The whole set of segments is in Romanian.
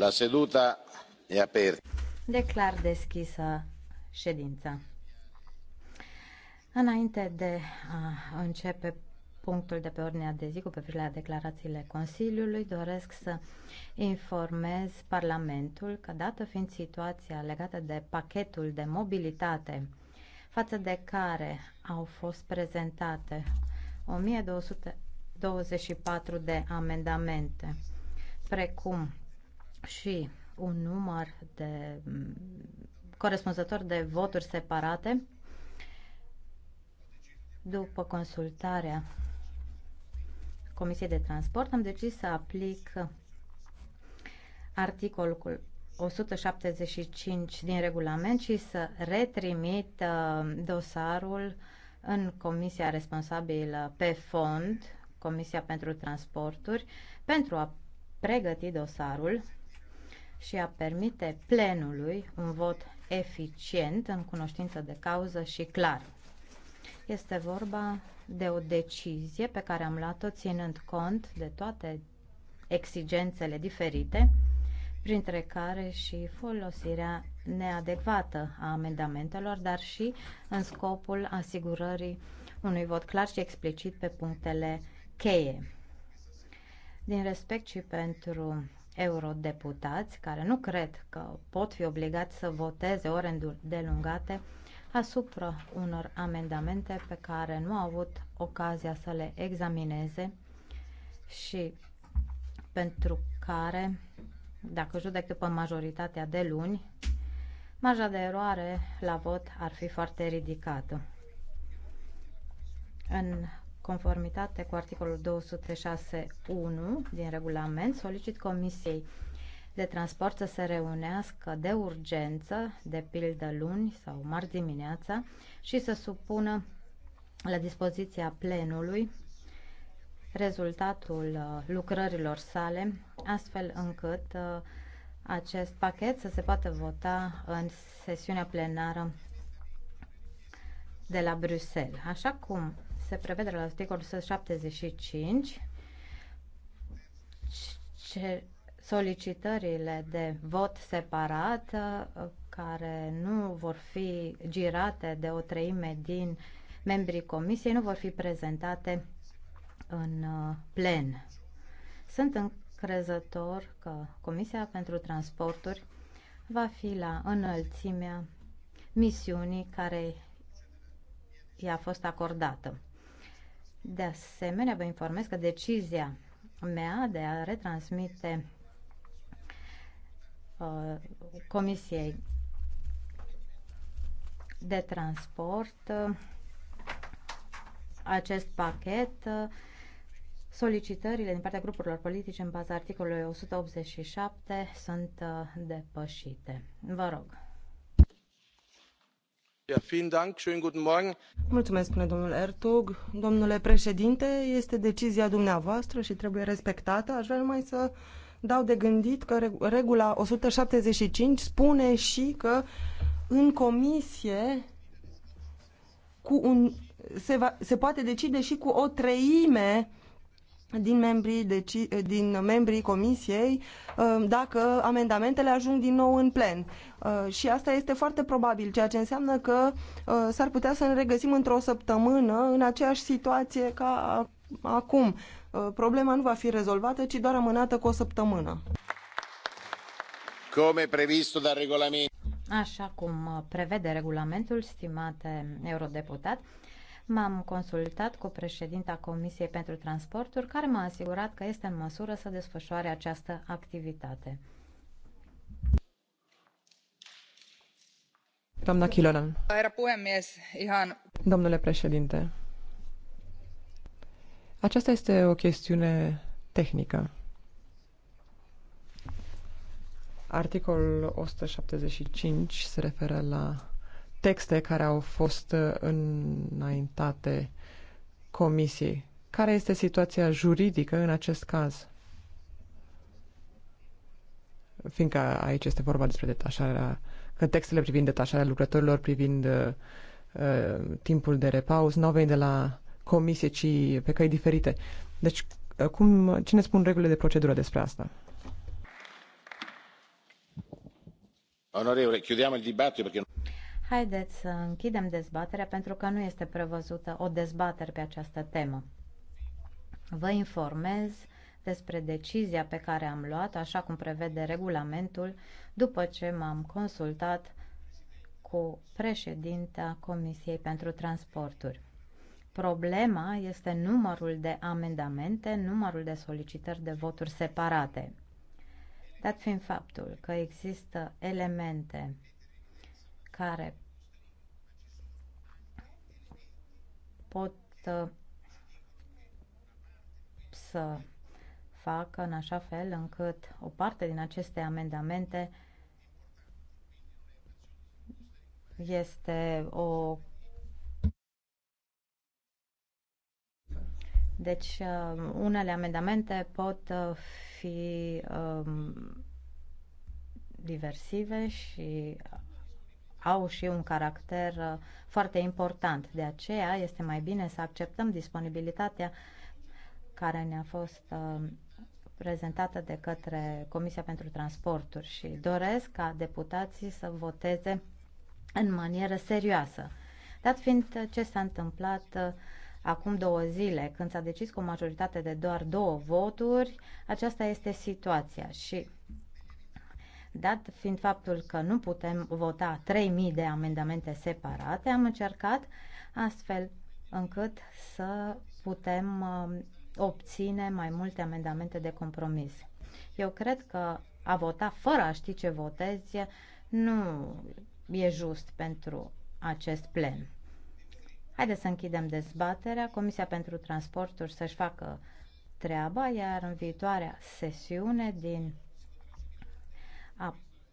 La seduta e aperta. Declar deschisă ședința. Înainte de a începe punctul de pe ordinea de zi cu privire la declarațiile Consiliului, doresc să informez Parlamentul că, dată fiind situația legată de pachetul de mobilitate, față de care au fost prezentate 1224 de amendamente, precum și un număr de mm, corespunzător de voturi separate după consultarea Comisiei de Transport, am decis să aplic articolul 175 din regulament și să retrimit uh, dosarul în comisia responsabilă pe fond, Comisia pentru Transporturi, pentru a pregăti dosarul și a permite plenului un vot eficient, în cunoștință de cauză și clar. Este vorba de o decizie pe care am luat-o ținând cont de toate exigențele diferite, printre care și folosirea neadecvată a amendamentelor, dar și în scopul asigurării unui vot clar și explicit pe punctele cheie. Din respect și pentru eurodeputați care nu cred că pot fi obligați să voteze ore îndelungate asupra unor amendamente pe care nu au avut ocazia să le examineze și pentru care, dacă judec după majoritatea de luni, marja de eroare la vot ar fi foarte ridicată. În conformitate cu articolul 206.1 din regulament, solicit Comisiei de Transport să se reunească de urgență, de pildă luni sau marți dimineața, și să supună la dispoziția plenului rezultatul uh, lucrărilor sale, astfel încât uh, acest pachet să se poată vota în sesiunea plenară de la Bruxelles. Așa cum se prevede la articolul 175 ce solicitările de vot separat care nu vor fi girate de o treime din membrii comisiei nu vor fi prezentate în uh, plen. Sunt încrezător că Comisia pentru Transporturi va fi la înălțimea misiunii care i-a fost acordată. De asemenea, vă informez că decizia mea de a retransmite uh, Comisiei de Transport uh, acest pachet uh, solicitările din partea grupurilor politice în baza articolului 187 sunt uh, depășite. Vă rog. Mulțumesc, spune domnul Ertug. Domnule președinte, este decizia dumneavoastră și trebuie respectată. Aș vrea numai să dau de gândit că regula 175 spune și că în comisie cu un, se, va, se poate decide și cu o treime din membrii, deci, din membrii comisiei um, dacă amendamentele ajung din nou în plen. Uh, și asta este foarte probabil, ceea ce înseamnă că uh, s-ar putea să ne regăsim într-o săptămână în aceeași situație ca acum. Uh, problema nu va fi rezolvată, ci doar amânată cu o săptămână. e previsto dal regolamento. Așa cum prevede regulamentul, stimate eurodeputat, M-am consultat cu președinta Comisiei pentru Transporturi, care m-a asigurat că este în măsură să desfășoare această activitate. Doamna Kilolan. Domnule președinte, aceasta este o chestiune tehnică. Articolul 175 se referă la texte care au fost uh, înaintate comisiei. Care este situația juridică în acest caz? Fiindcă aici este vorba despre detașarea, că textele privind detașarea lucrătorilor, privind uh, uh timpul de repaus, nu au venit de la comisie, ci pe căi diferite. Deci, uh, cum, cine spun regulile de procedură despre asta? Onorevole, chiudiamo il dibattito perché... Haideți să închidem dezbaterea pentru că nu este prevăzută o dezbatere pe această temă. Vă informez despre decizia pe care am luat, așa cum prevede regulamentul, după ce m-am consultat cu președinta Comisiei pentru Transporturi. Problema este numărul de amendamente, numărul de solicitări de voturi separate. Dat fiind faptul că există elemente care pot uh, să facă în așa fel încât o parte din aceste amendamente este o Deci, uh, unele amendamente pot uh, fi um, diversive și au și un caracter uh, foarte important. De aceea este mai bine să acceptăm disponibilitatea care ne-a fost uh, prezentată de către Comisia pentru Transporturi și doresc ca deputații să voteze în manieră serioasă. Dat fiind ce s-a întâmplat uh, acum două zile, când s-a decis cu o majoritate de doar două voturi, aceasta este situația și Dat fiind faptul că nu putem vota 3.000 de amendamente separate, am încercat astfel încât să putem um, obține mai multe amendamente de compromis. Eu cred că a vota fără a ști ce votezi nu e just pentru acest plen. Haideți să închidem dezbaterea. Comisia pentru Transporturi să-și facă treaba, iar în viitoarea sesiune din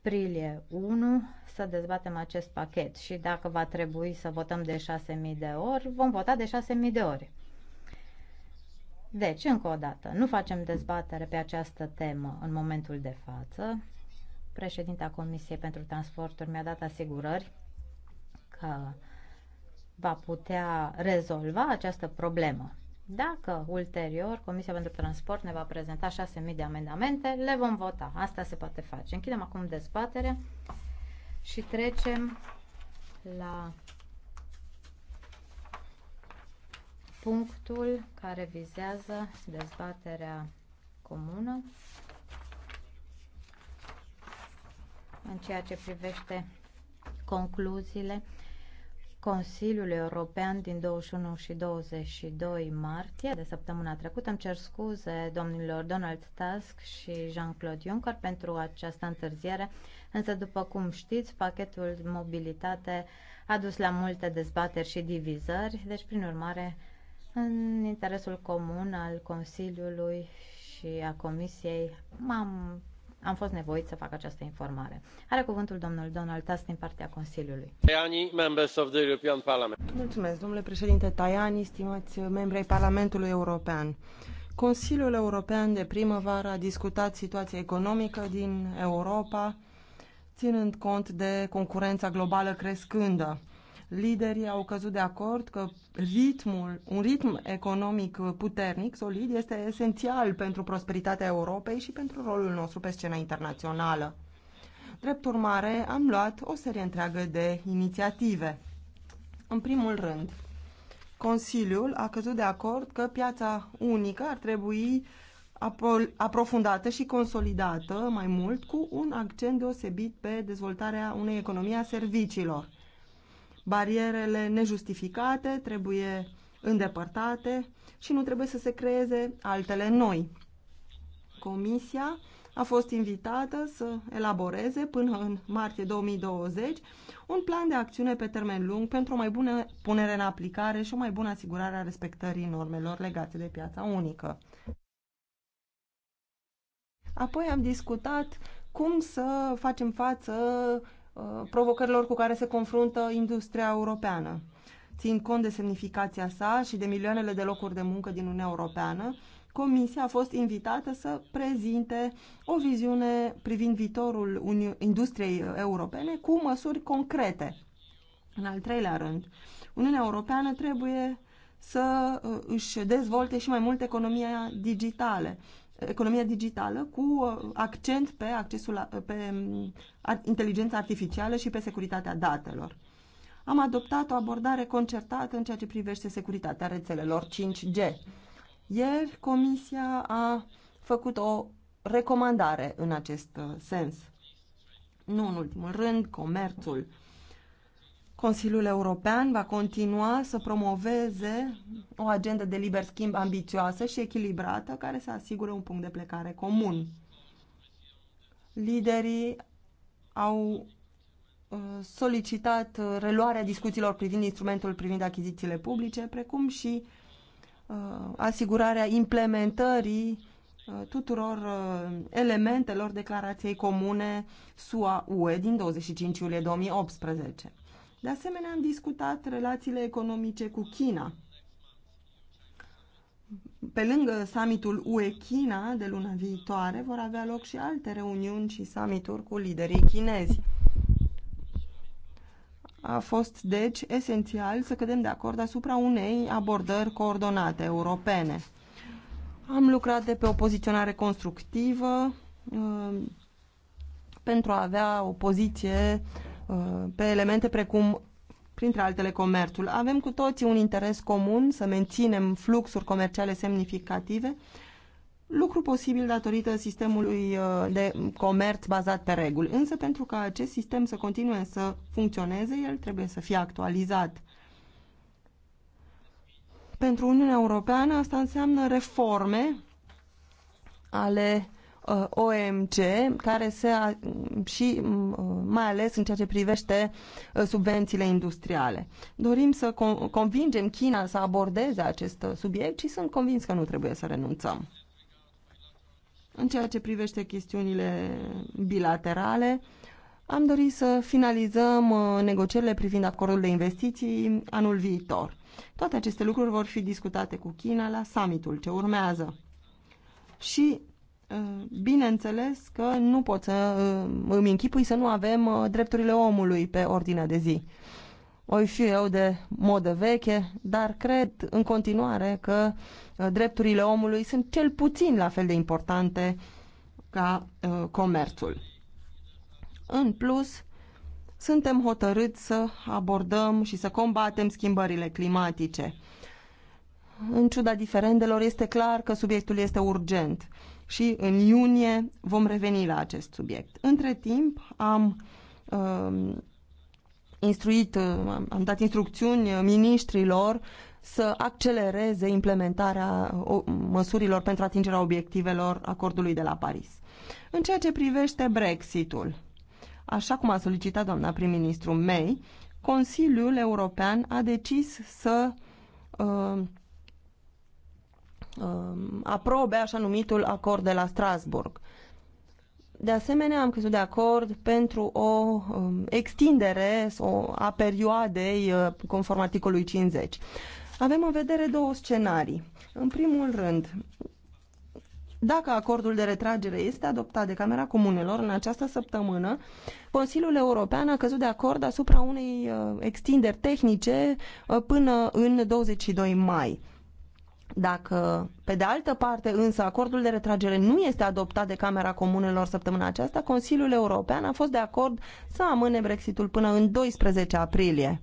aprilie 1 să dezbatem acest pachet și dacă va trebui să votăm de 6.000 de ori, vom vota de 6.000 de ori. Deci, încă o dată, nu facem dezbatere pe această temă în momentul de față. Președinta Comisiei pentru Transporturi mi-a dat asigurări că va putea rezolva această problemă. Dacă ulterior Comisia pentru Transport ne va prezenta 6.000 de amendamente, le vom vota. Asta se poate face. Închidem acum dezbaterea și trecem la punctul care vizează dezbaterea comună în ceea ce privește concluziile Consiliul European din 21 și 22 martie de săptămâna trecută. Îmi cer scuze domnilor Donald Tusk și Jean-Claude Juncker pentru această întârziere, însă după cum știți, pachetul mobilitate a dus la multe dezbateri și divizări, deci prin urmare în interesul comun al Consiliului și a Comisiei m-am am fost nevoit să fac această informare. Are cuvântul domnul Donald Tusk din partea Consiliului. Tajani, members of the European Parliament. Mulțumesc, domnule președinte Tajani, stimați membri ai Parlamentului European. Consiliul European de primăvară a discutat situația economică din Europa, ținând cont de concurența globală crescândă. Liderii au căzut de acord că ritmul, un ritm economic puternic, solid, este esențial pentru prosperitatea Europei și pentru rolul nostru pe scena internațională. Drept urmare, am luat o serie întreagă de inițiative. În primul rând, Consiliul a căzut de acord că piața unică ar trebui aprofundată și consolidată mai mult cu un accent deosebit pe dezvoltarea unei economii a serviciilor. Barierele nejustificate trebuie îndepărtate și nu trebuie să se creeze altele noi. Comisia a fost invitată să elaboreze până în martie 2020 un plan de acțiune pe termen lung pentru o mai bună punere în aplicare și o mai bună asigurare a respectării normelor legate de piața unică. Apoi am discutat cum să facem față Uh, provocărilor cu care se confruntă industria europeană. Țin cont de semnificația sa și de milioanele de locuri de muncă din Uniunea Europeană, Comisia a fost invitată să prezinte o viziune privind viitorul industriei europene cu măsuri concrete. În al treilea rând, Uniunea Europeană trebuie să uh, își dezvolte și mai mult economia digitală economia digitală cu uh, accent pe accesul la, pe mm, inteligența artificială și pe securitatea datelor. Am adoptat o abordare concertată în ceea ce privește securitatea rețelelor 5G. Ieri Comisia a făcut o recomandare în acest uh, sens. Nu în ultimul rând, comerțul Consiliul European va continua să promoveze o agendă de liber schimb ambițioasă și echilibrată care să asigure un punct de plecare comun. Liderii au uh, solicitat uh, reluarea discuțiilor privind instrumentul privind achizițiile publice, precum și uh, asigurarea implementării tuturor elementelor declarației comune SUA-UE din 25 iulie 2018. De asemenea, am discutat relațiile economice cu China. Pe lângă summitul UE-China de luna viitoare, vor avea loc și alte reuniuni și summituri cu liderii chinezi. A fost, deci, esențial să cădem de acord asupra unei abordări coordonate europene. Am lucrat de pe o poziționare constructivă uh, pentru a avea o poziție Uh, pe elemente precum, printre altele, comerțul. Avem cu toții un interes comun să menținem fluxuri comerciale semnificative, lucru posibil datorită sistemului uh, de comerț bazat pe reguli. Însă, pentru ca acest sistem să continue să funcționeze, el trebuie să fie actualizat. Pentru Uniunea Europeană asta înseamnă reforme ale Uh, OMC, care se și mm, uh, mai ales în ceea ce privește uh, subvențiile industriale. Dorim să convingem China să abordeze acest subiect și sunt convins că nu trebuie să renunțăm. În ceea ce privește chestiunile bilaterale, am dorit să finalizăm negocierile privind acordul de investiții anul viitor. Toate aceste lucruri vor fi discutate cu China la summitul ce urmează. Și Eh, bineînțeles că nu pot să eh, îmi închipui să nu avem eh, drepturile omului pe ordinea de zi. Oi fi eu de modă veche, dar cred în continuare că drepturile omului sunt cel puțin la fel de importante ca comerțul. În plus, suntem hotărâți să abordăm și să combatem schimbările climatice. În ciuda diferendelor, este clar că subiectul este urgent și în iunie vom reveni la acest subiect. Între timp am uh, instruit, uh, am dat instrucțiuni ministrilor să accelereze implementarea măsurilor pentru atingerea obiectivelor acordului de la Paris. În ceea ce privește Brexitul, așa cum a solicitat doamna prim-ministru May, Consiliul European a decis să uh, Um, aprobe așa numitul acord de la Strasburg. De asemenea, am căzut de acord pentru o um, extindere o, a perioadei uh, conform articolului 50. Avem în vedere două scenarii. În primul rând, dacă acordul de retragere este adoptat de Camera Comunelor în această săptămână, Consiliul European a căzut de acord asupra unei uh, extinderi tehnice uh, până în 22 mai dacă, pe de altă parte, însă acordul de retragere nu este adoptat de Camera Comunelor săptămâna aceasta, Consiliul European a fost de acord să amâne Brexitul până în 12 aprilie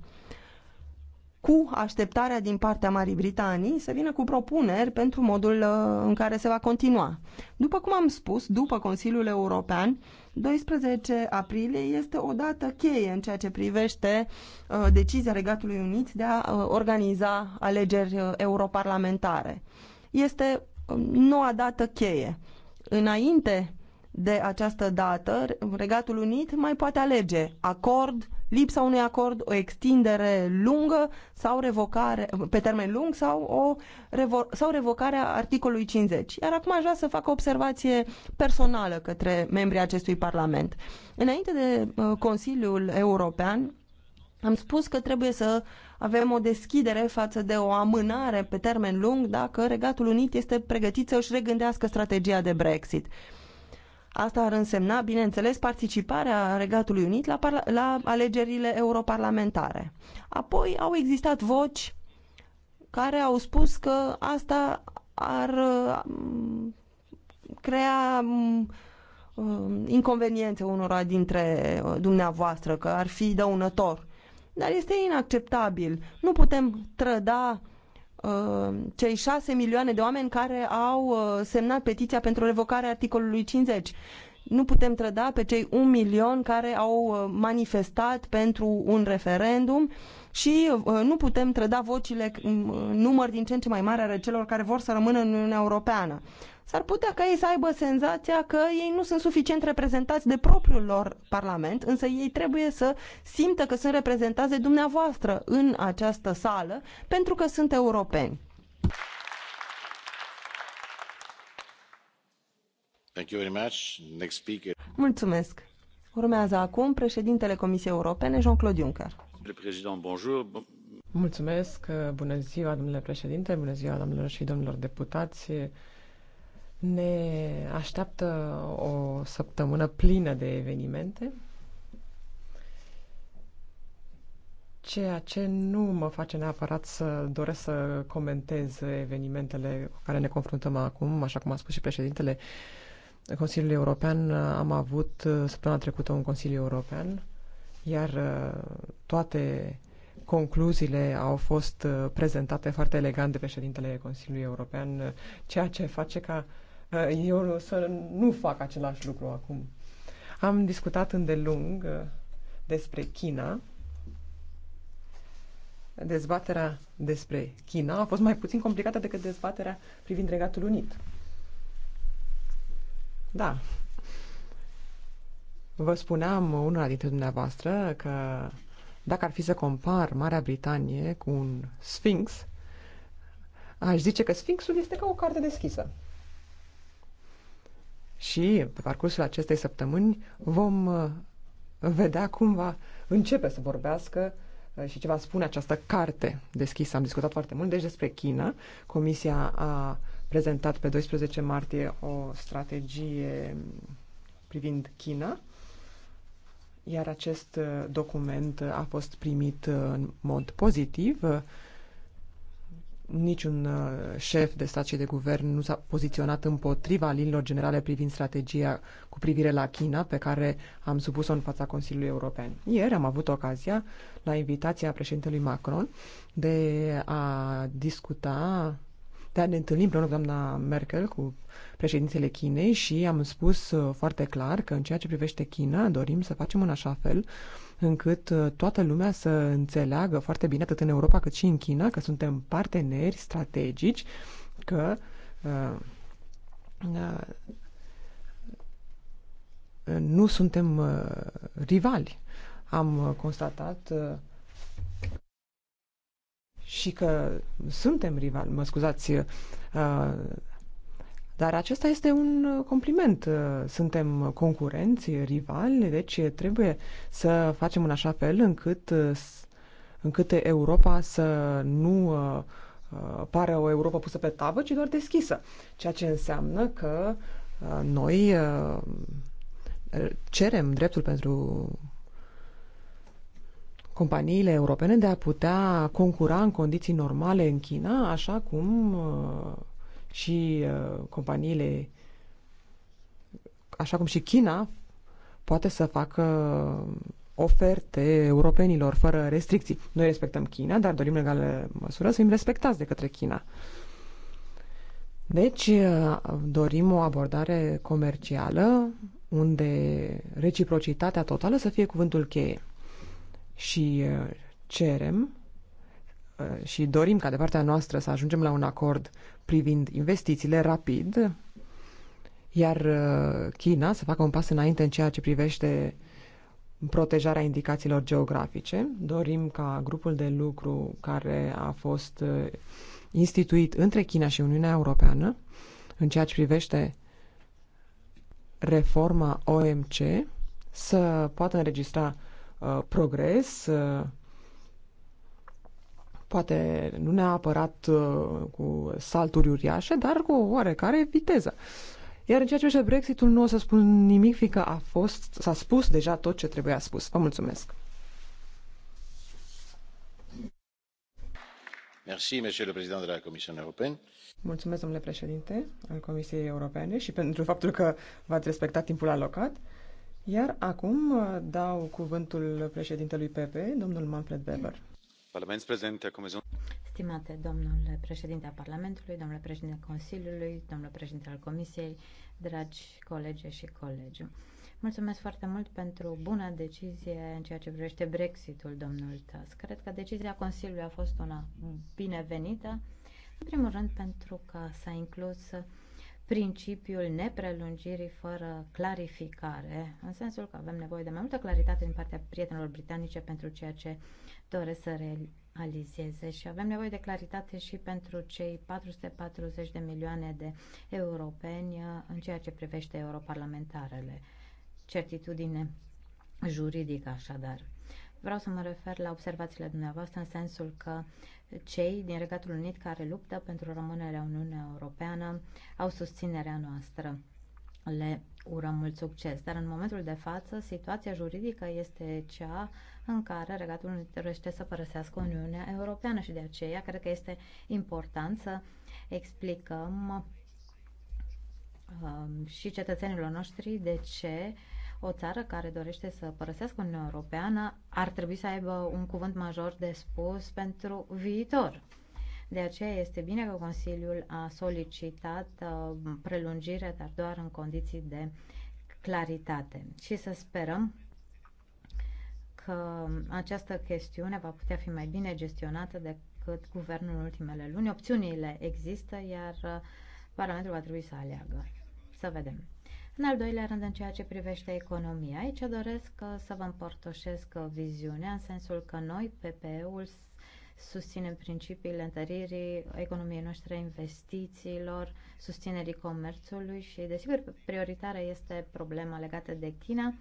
cu așteptarea din partea Marii Britanii să vină cu propuneri pentru modul uh, în care se va continua. După cum am spus, după Consiliul European, 12 aprilie este o dată cheie în ceea ce privește uh, decizia Regatului Unit de a uh, organiza alegeri europarlamentare. Este noua dată cheie. Înainte de această dată, Regatul Unit mai poate alege acord, lipsa unui acord, o extindere lungă sau revocare, pe termen lung sau, o, revo, sau revocarea articolului 50. Iar acum aș vrea să fac o observație personală către membrii acestui Parlament. Înainte de uh, Consiliul European, am spus că trebuie să avem o deschidere față de o amânare pe termen lung dacă Regatul Unit este pregătit să își regândească strategia de Brexit. Uh, Asta ar însemna, bineînțeles, participarea Regatului Unit la, la alegerile europarlamentare. Apoi au existat voci care au spus că asta ar mm, crea mm, uh, inconveniențe unora dintre uh, dumneavoastră, că ar fi dăunător. Dar este inacceptabil. Nu putem trăda Uh, cei șase milioane de oameni care au uh, semnat petiția pentru revocarea articolului 50. Nu putem trăda pe cei un milion care au uh, manifestat pentru un referendum și nu putem trăda vocile număr din ce în ce mai mare ale celor care vor să rămână în Uniunea Europeană s-ar putea ca ei să aibă senzația că ei nu sunt suficient reprezentați de propriul lor parlament, însă ei trebuie să simtă că sunt reprezentați de dumneavoastră în această sală pentru că sunt europeni. Thank you very much. Next speaker. Mulțumesc. Urmează acum președintele Comisiei Europene, Jean-Claude Juncker. Mulțumesc, bună ziua, domnule președinte, bună ziua, domnilor și domnilor deputați. Ne așteaptă o săptămână plină de evenimente, ceea ce nu mă face neapărat să doresc să comentez evenimentele cu care ne confruntăm acum, așa cum a spus și președintele Consiliului European. Am avut uh, săptămâna trecută un Consiliu European, iar uh, toate concluziile au fost uh, prezentate foarte elegant de președintele Consiliului European, ceea ce face ca uh, Eh, eu să nu fac același lucru acum. Am discutat îndelung eh, despre China. Dezbaterea despre China a fost mai puțin complicată decât dezbaterea privind Regatul Unit. Da. Vă spuneam una dintre dumneavoastră că dacă ar fi să compar Marea Britanie cu un Sphinx, aș zice că Sphinxul este ca o carte deschisă. Și pe parcursul acestei săptămâni vom uh, vedea cum va începe să vorbească uh, și ce va spune această carte deschisă. Am discutat foarte mult, deci despre China. Comisia a prezentat pe 12 martie o strategie privind China, iar acest uh, document a fost primit în mod pozitiv niciun uh, șef de stat și de guvern nu s-a poziționat împotriva liniilor generale privind strategia cu privire la China pe care am supus-o în fața Consiliului European. Ieri am avut ocazia, la invitația președintelui Macron, de a discuta, de a ne întâlni împreună cu doamna Merkel, cu președintele Chinei și am spus uh, foarte clar că în ceea ce privește China dorim să facem în așa fel uh, încât uh, toată lumea să înțeleagă foarte bine, atât în Europa cât și în China, că suntem parteneri strategici, că uh, uh, nu suntem uh, rivali. Am uh, constatat uh, și că suntem rivali, mă scuzați, uh, dar acesta este un uh, compliment. Uh, suntem concurenți, rivali, deci trebuie să facem în așa fel încât, uh, încât Europa să nu pare o Europa pusă pe tavă, ci doar deschisă. Ceea ce înseamnă că noi cerem dreptul pentru companiile europene de a putea concura în condiții normale în China, așa cum și uh, companiile, așa cum și China, poate să facă oferte europenilor fără restricții. Noi respectăm China, dar dorim în egală măsură să fim respectați de către China. Deci, uh, dorim o abordare comercială unde reciprocitatea totală să fie cuvântul cheie. Și uh, cerem Eh, și dorim ca de partea noastră să ajungem la un acord privind investițiile rapid, iar eh, China să facă un pas înainte în ceea ce privește protejarea indicațiilor geografice. Dorim ca grupul de lucru care a fost eh, instituit între China și Uniunea Europeană în ceea ce privește reforma OMC să poată înregistra uh, progres, uh, poate nu neapărat uh, cu salturi uriașe, dar cu o oarecare viteză. Iar în ceea ce privește Brexitul, nu o să spun nimic, fiindcă a fost, s-a spus deja tot ce trebuia spus. Vă mulțumesc! Merci, monsieur le président de la Commission européenne. Mulțumesc, domnule președinte al Comisiei Europene și pentru faptul că v-ați respectat timpul alocat. Iar acum uh, dau cuvântul președintelui PP, domnul Manfred Weber. Stimate domnule președinte al Parlamentului, domnule președinte al Consiliului, domnule președinte al Comisiei, dragi colegi și colegi. Mulțumesc foarte mult pentru buna decizie în ceea ce privește Brexitul, domnul Tusk. Cred că decizia Consiliului a fost una binevenită, în primul rând pentru că s-a inclus principiul neprelungirii fără clarificare, în sensul că avem nevoie de mai multă claritate din partea prietenilor britanice pentru ceea ce doresc să realizeze și avem nevoie de claritate și pentru cei 440 de milioane de europeni uh, în ceea ce privește europarlamentarele. Certitudine juridică, așadar. Vreau să mă refer la observațiile dumneavoastră în sensul că cei din Regatul Unit care luptă pentru rămânerea Uniunea Europeană au susținerea noastră. Le urăm mult succes, dar în momentul de față situația juridică este cea în care Regatul Unit dorește să părăsească Uniunea Europeană și de aceea cred că este important să explicăm um, și cetățenilor noștri de ce uh, o țară care dorește să părăsească Uniunea Europeană ar trebui să aibă un cuvânt major de spus pentru viitor. De aceea este bine că Consiliul a solicitat uh, prelungire, dar doar în condiții de claritate. Și să sperăm că această chestiune va putea fi mai bine gestionată decât guvernul în ultimele luni. Opțiunile există, iar uh, Parlamentul va trebui să aleagă. Să vedem. În al doilea rând, în ceea ce privește economia, aici doresc uh, să vă împărtășesc uh, viziunea în sensul că noi, PPE-ul, susținem principiile întăririi economiei noastre, investițiilor, susținerii comerțului și, desigur, prioritară este problema legată de China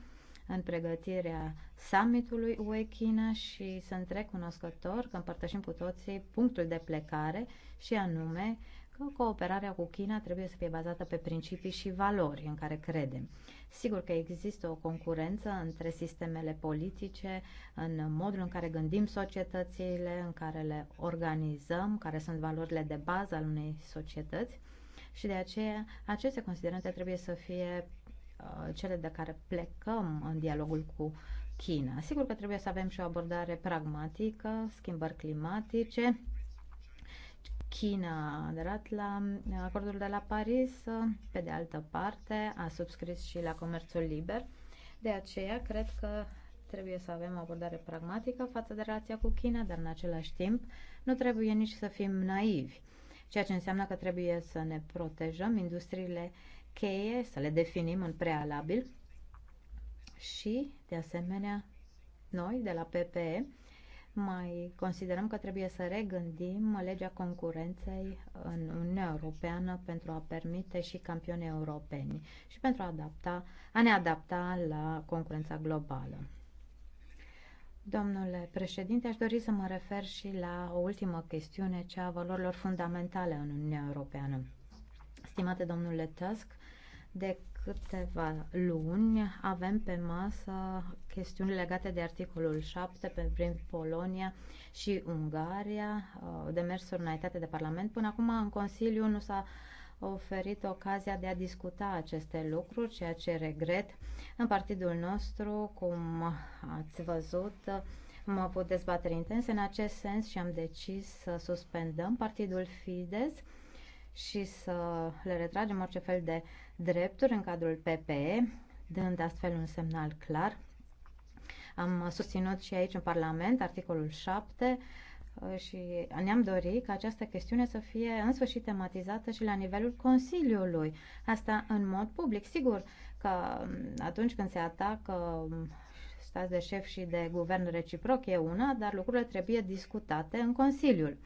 în pregătirea summitului UE China și sunt recunoscător că împărtășim cu toții punctul de plecare și anume că cooperarea cu China trebuie să fie bazată pe principii și valori în care credem. Sigur că există o concurență între sistemele politice, în modul în care gândim societățile, în care le organizăm, care sunt valorile de bază al unei societăți și de aceea aceste considerente trebuie să fie uh, cele de care plecăm în dialogul cu China. Sigur că trebuie să avem și o abordare pragmatică, schimbări climatice, China a aderat la uh, acordul de la Paris, uh, pe de altă parte a subscris și la comerțul liber. De aceea, cred că trebuie să avem o abordare pragmatică față de relația cu China, dar în același timp nu trebuie nici să fim naivi, ceea ce înseamnă că trebuie să ne protejăm industriile cheie, să le definim în prealabil și, de asemenea, noi de la PPE mai considerăm că trebuie să regândim legea concurenței în Uniunea Europeană pentru a permite și campioni europeni și pentru a, adapta, a ne adapta la concurența globală. Domnule președinte, aș dori să mă refer și la o ultimă chestiune, cea a valorilor fundamentale în Uniunea Europeană. Stimate domnule Tusk, de câteva luni avem pe masă chestiuni legate de articolul 7 prin Polonia și Ungaria, uh, demersul înaintate de Parlament. Până acum în Consiliu nu s-a oferit ocazia de a discuta aceste lucruri, ceea ce regret. În partidul nostru, cum ați văzut, am avut dezbateri intense în acest sens și am decis să suspendăm partidul Fides și să le retragem orice fel de drepturi în cadrul PPE, dând astfel un semnal clar. Am susținut și aici în Parlament articolul 7 uh, și ne-am dorit ca această chestiune să fie în sfârșit tematizată și la nivelul Consiliului. Asta în mod public. Sigur că um, atunci când se atacă um, stați de șef și de guvern reciproc e una, dar lucrurile trebuie discutate în Consiliul.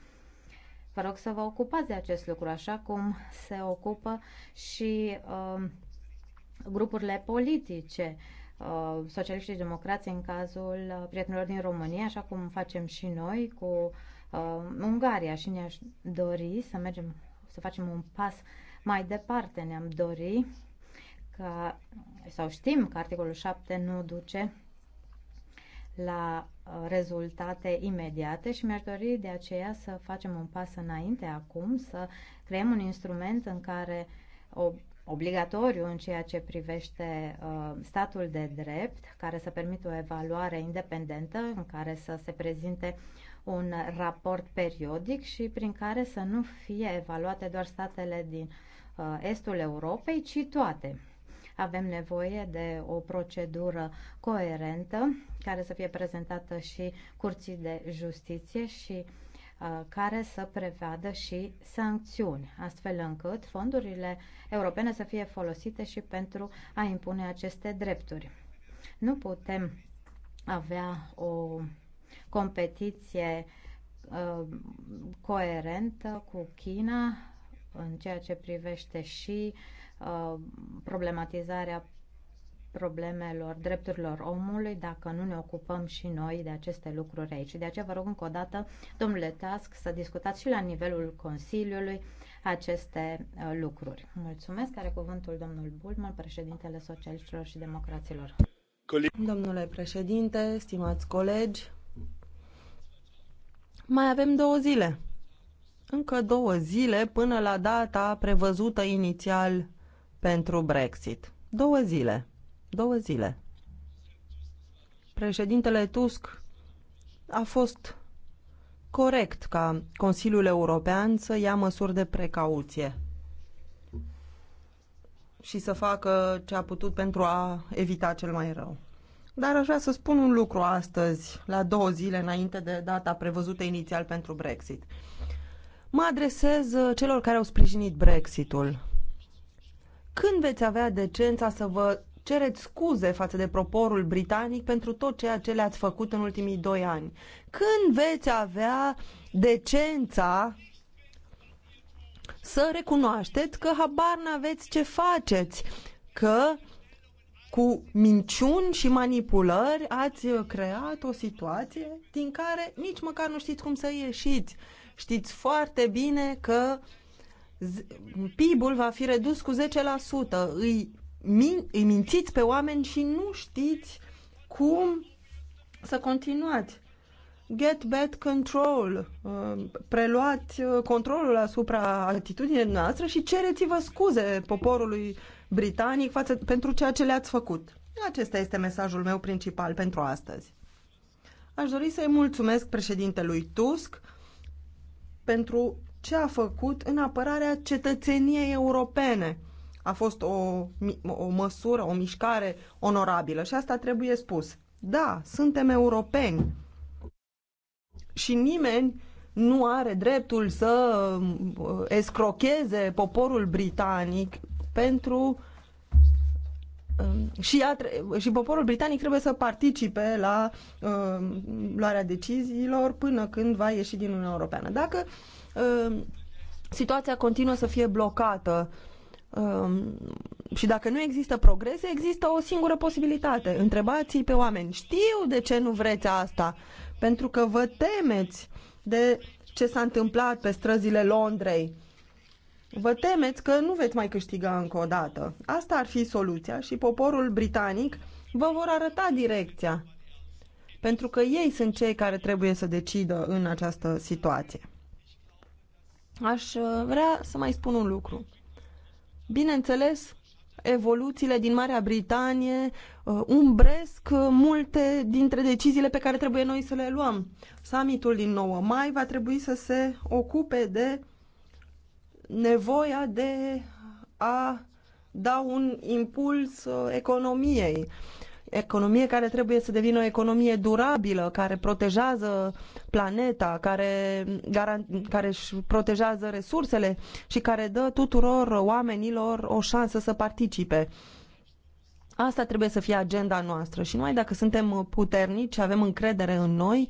Vă rog să vă ocupați de acest lucru, așa cum se ocupă și uh, grupurile politice, uh, socialiști și democrații în cazul uh, prietenilor din România, așa cum facem și noi cu uh, Ungaria și ne-aș dori să mergem, să facem un pas mai departe, ne-am dori ca, sau știm că articolul 7 nu duce la uh, rezultate imediate și mi-aș dori de aceea să facem un pas înainte acum, să creăm un instrument în care o obligatoriu în ceea ce privește uh, statul de drept, care să permită o evaluare independentă în care să se prezinte un raport periodic și prin care să nu fie evaluate doar statele din uh, estul Europei, ci toate. Avem nevoie de o procedură coerentă care să fie prezentată și curții de justiție și uh, care să prevadă și sancțiuni, astfel încât fondurile europene să fie folosite și pentru a impune aceste drepturi. Nu putem avea o competiție uh, coerentă cu China în ceea ce privește și uh, problematizarea problemelor drepturilor omului dacă nu ne ocupăm și noi de aceste lucruri aici. De aceea vă rog încă o dată, domnule Task, să discutați și la nivelul Consiliului aceste uh, lucruri. Mulțumesc. Are cuvântul domnul Bulman, președintele Socialiștilor și Democraților. Domnule președinte, stimați colegi, mai avem două zile. Încă două zile până la data prevăzută inițial pentru Brexit. Două zile două zile. Președintele Tusk a fost corect ca Consiliul European să ia măsuri de precauție și să facă ce a putut pentru a evita cel mai rău. Dar aș vrea să spun un lucru astăzi, la două zile înainte de data prevăzută inițial pentru Brexit. Mă adresez celor care au sprijinit Brexitul. Când veți avea decența să vă cereți scuze față de proporul britanic pentru tot ceea ce le-ați făcut în ultimii doi ani. Când veți avea decența să recunoașteți că habar n-aveți ce faceți, că cu minciuni și manipulări ați creat o situație din care nici măcar nu știți cum să ieșiți. Știți foarte bine că PIB-ul va fi redus cu 10%. Îi min- îi mințiți pe oameni și nu știți cum să continuați. Get back control, uh, preluați uh, controlul asupra atitudinii noastre și cereți-vă scuze poporului britanic față, pentru ceea ce le-ați făcut. Acesta este mesajul meu principal pentru astăzi. Aș dori să-i mulțumesc președintelui Tusk pentru ce a făcut în apărarea cetățeniei europene a fost o, o măsură, o mișcare onorabilă și asta trebuie spus. Da, suntem europeni și nimeni nu are dreptul să uh, escrocheze poporul britanic pentru uh, și, ea, și poporul britanic trebuie să participe la uh, luarea deciziilor până când va ieși din Uniunea Europeană. Dacă uh, situația continuă să fie blocată uh, Um, și dacă nu există progrese, există o singură posibilitate. Întrebați pe oameni, știu de ce nu vreți asta, pentru că vă temeți de ce s-a întâmplat pe străzile Londrei. Vă temeți că nu veți mai câștiga încă o dată. Asta ar fi soluția și poporul britanic vă vor arăta direcția. Pentru că ei sunt cei care trebuie să decidă în această situație. Aș uh, vrea să mai spun un lucru. Bineînțeles, evoluțiile din Marea Britanie uh, umbresc uh, multe dintre deciziile pe care trebuie noi să le luăm. Summitul din 9 mai va trebui să se ocupe de nevoia de a da un impuls uh, economiei, economie care trebuie să devină o economie durabilă, care protejează planeta, care, care își protejează resursele și care dă tuturor oamenilor o șansă să participe. Asta trebuie să fie agenda noastră și noi dacă suntem puternici și avem încredere în noi,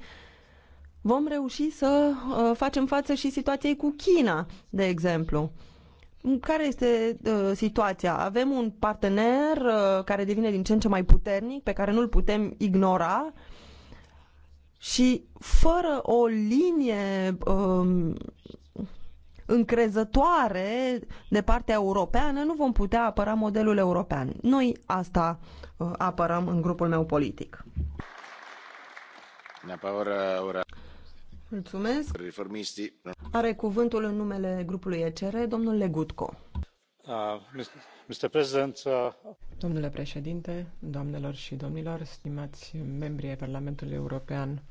vom reuși să uh, facem față și situației cu China, de exemplu care este uh, situația? Avem un partener uh, care devine din ce în ce mai puternic, pe care nu-l putem ignora și fără o linie uh, încrezătoare de partea europeană, nu vom putea apăra modelul european. Noi asta uh, apărăm în grupul meu politic. Ne apără, ora. Mulțumesc. Reformisti. Are cuvântul în numele grupului ECR, domnul Legutko. Uh, Mr. President, uh... Domnule președinte, doamnelor și domnilor, stimați membrii ai Parlamentului European,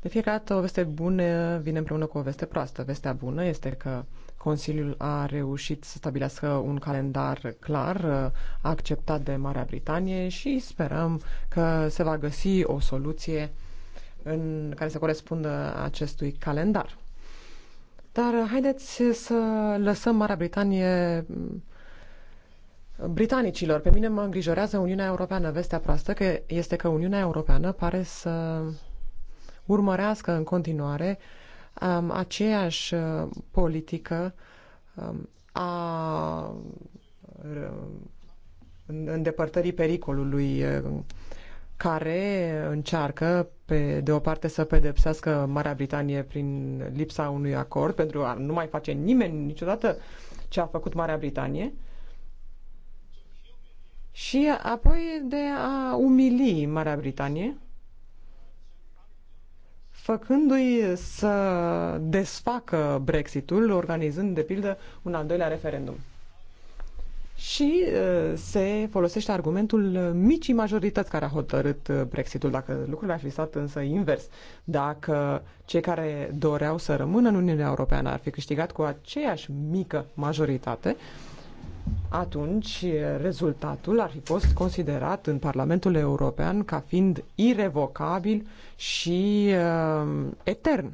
de fiecare dată o veste bună vine împreună cu o veste proastă. Vestea bună este că Consiliul a reușit să stabilească un calendar clar, uh, acceptat de Marea Britanie și sperăm că se va găsi o soluție în care să corespundă acestui calendar. Dar haideți să lăsăm Marea Britanie mm, britanicilor. Pe mine mă îngrijorează Uniunea Europeană. Vestea proastă că este că Uniunea Europeană pare să urmărească în continuare um, aceeași uh, politică um, a îndepărtării pericolului uh, care încearcă pe de o parte să pedepsească Marea Britanie prin lipsa unui acord, pentru a nu mai face nimeni niciodată ce a făcut Marea Britanie, și apoi de a umili Marea Britanie, făcându-i să desfacă Brexitul, organizând, de pildă, un al doilea referendum și uh, se folosește argumentul uh, micii majorități care a hotărât uh, Brexitul. Dacă lucrurile ar fi stat însă invers, dacă cei care doreau să rămână în Uniunea Europeană ar fi câștigat cu aceeași mică majoritate, atunci rezultatul ar fi fost considerat în Parlamentul European ca fiind irevocabil și uh, etern.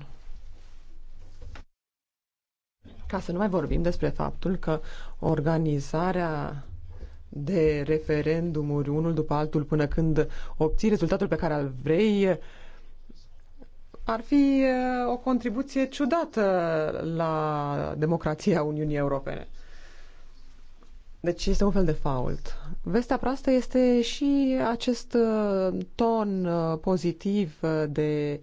Ca să nu mai vorbim despre faptul că organizarea de referendumuri unul după altul până când obții rezultatul pe care îl vrei ar fi uh, o contribuție ciudată la democrația Uniunii Europene. Deci este un fel de fault. Vestea proastă este și acest uh, ton uh, pozitiv de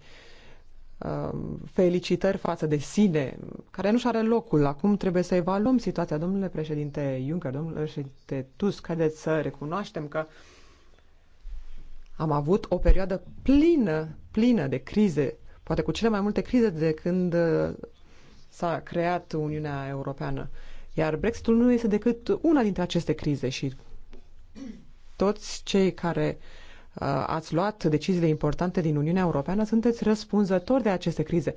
Um, felicitări față de sine, care nu-și are locul. Acum trebuie să evaluăm situația. Domnule președinte Juncker, domnule președinte Tusk, haideți să recunoaștem că am avut o perioadă plină, plină de crize, poate cu cele mai multe crize de când uh, s-a creat Uniunea Europeană. Iar Brexitul nu este decât una dintre aceste crize și toți cei care uh, Uh, ați luat deciziile importante din Uniunea Europeană, sunteți răspunzători de aceste crize.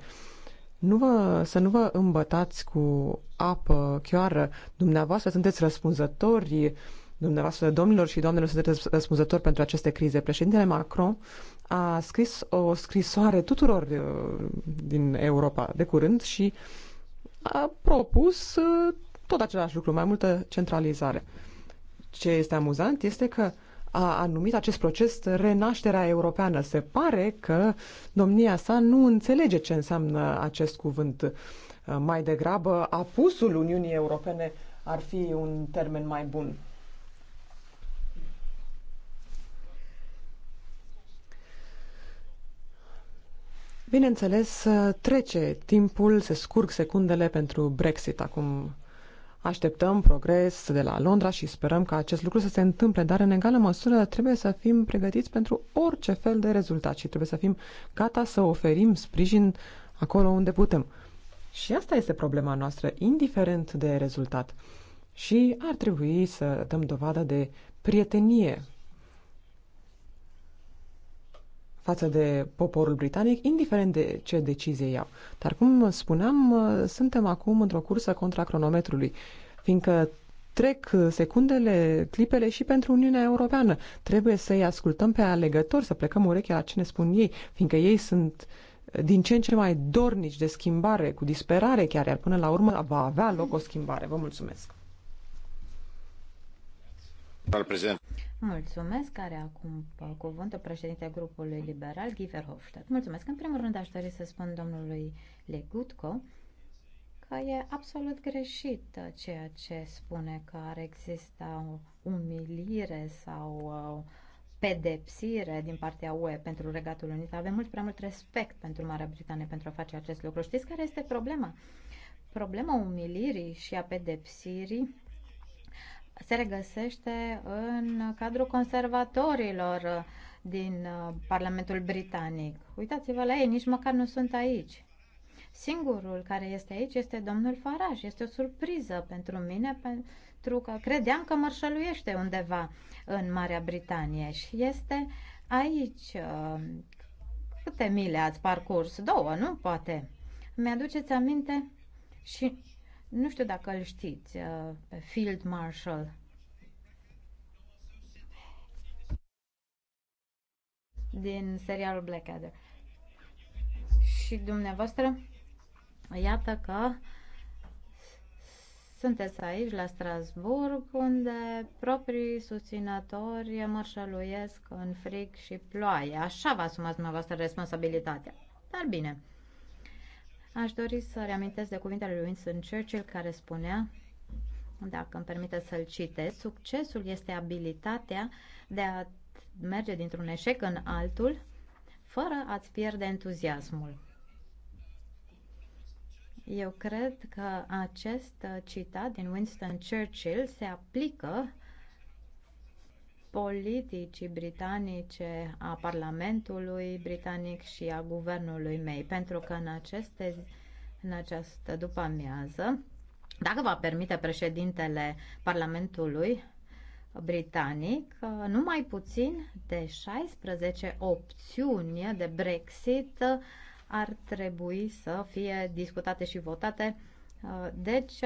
Nu vă, să nu vă îmbătați cu apă chioară. Dumneavoastră sunteți răspunzători, dumneavoastră, domnilor și doamnelor, sunteți răspunzători pentru aceste crize. Președintele Macron a scris o scrisoare tuturor uh, din Europa de curând și a propus uh, tot același lucru, mai multă centralizare. Ce este amuzant este că uh, a, a numit acest proces renașterea europeană. Se pare că domnia sa nu înțelege ce înseamnă acest cuvânt. Mai degrabă, apusul Uniunii Europene ar fi un termen mai bun. Bineînțeles, trece timpul, se scurg secundele pentru Brexit acum Așteptăm progres de la Londra și sperăm ca acest lucru să se întâmple, dar în egală măsură trebuie să fim pregătiți pentru orice fel de rezultat și trebuie să fim gata să oferim sprijin acolo unde putem. Și asta este problema noastră, indiferent de rezultat. Și ar trebui să dăm dovadă de prietenie față de poporul britanic, indiferent de ce decizie iau. Dar, cum spuneam, suntem acum într-o cursă contra cronometrului, fiindcă trec secundele, clipele și pentru Uniunea Europeană. Trebuie să-i ascultăm pe alegători, să plecăm urechea la ce ne spun ei, fiindcă ei sunt din ce în ce mai dornici de schimbare, cu disperare chiar, iar până la urmă va avea loc o schimbare. Vă mulțumesc! Mulțumesc. Are acum uh, cuvântul președintele grupului liberal, Guy Verhofstadt. Mulțumesc. În primul rând aș dori să spun domnului Legutko că e absolut greșit uh, ceea ce spune că ar exista o umilire sau o uh, pedepsire din partea UE pentru Regatul Unit. Avem mult prea mult respect pentru Marea Britanie pentru a face acest lucru. Știți care este problema? Problema umilirii și a pedepsirii se regăsește în cadrul conservatorilor din uh, Parlamentul Britanic. Uitați-vă la ei, nici măcar nu sunt aici. Singurul care este aici este domnul Faraj. Este o surpriză pentru mine, pentru că credeam că mărșăluiește undeva în Marea Britanie și este aici. Uh, câte mile ați parcurs? Două, nu? Poate. Mi-aduceți aminte? Și nu știu dacă îl știți, uh, pe Field Marshal. Din serialul Blackadder. Și dumneavoastră, iată că sunteți aici, la Strasburg, unde proprii susținători mărșăluiesc în fric și ploaie. Așa vă asumați dumneavoastră responsabilitatea. Dar bine, Aș dori să reamintesc de cuvintele lui Winston Churchill care spunea, dacă îmi permite să-l citesc, succesul este abilitatea de a merge dintr-un eșec în altul fără a-ți pierde entuziasmul. Eu cred că acest citat din Winston Churchill se aplică politicii britanice, a Parlamentului britanic și a guvernului mei, pentru că în, aceste, în această după-amiază, dacă va permite președintele Parlamentului britanic, numai puțin de 16 opțiuni de Brexit ar trebui să fie discutate și votate. Deci,